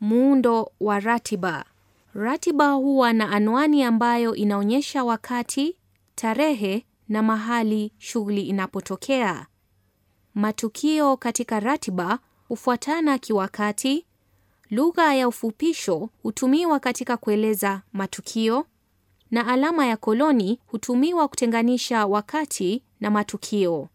Muundo wa ratiba. Ratiba huwa na anwani ambayo inaonyesha wakati, tarehe na mahali shughuli inapotokea. Matukio katika ratiba hufuatana kiwakati. Lugha ya ufupisho hutumiwa katika kueleza matukio na alama ya koloni hutumiwa kutenganisha wakati na matukio.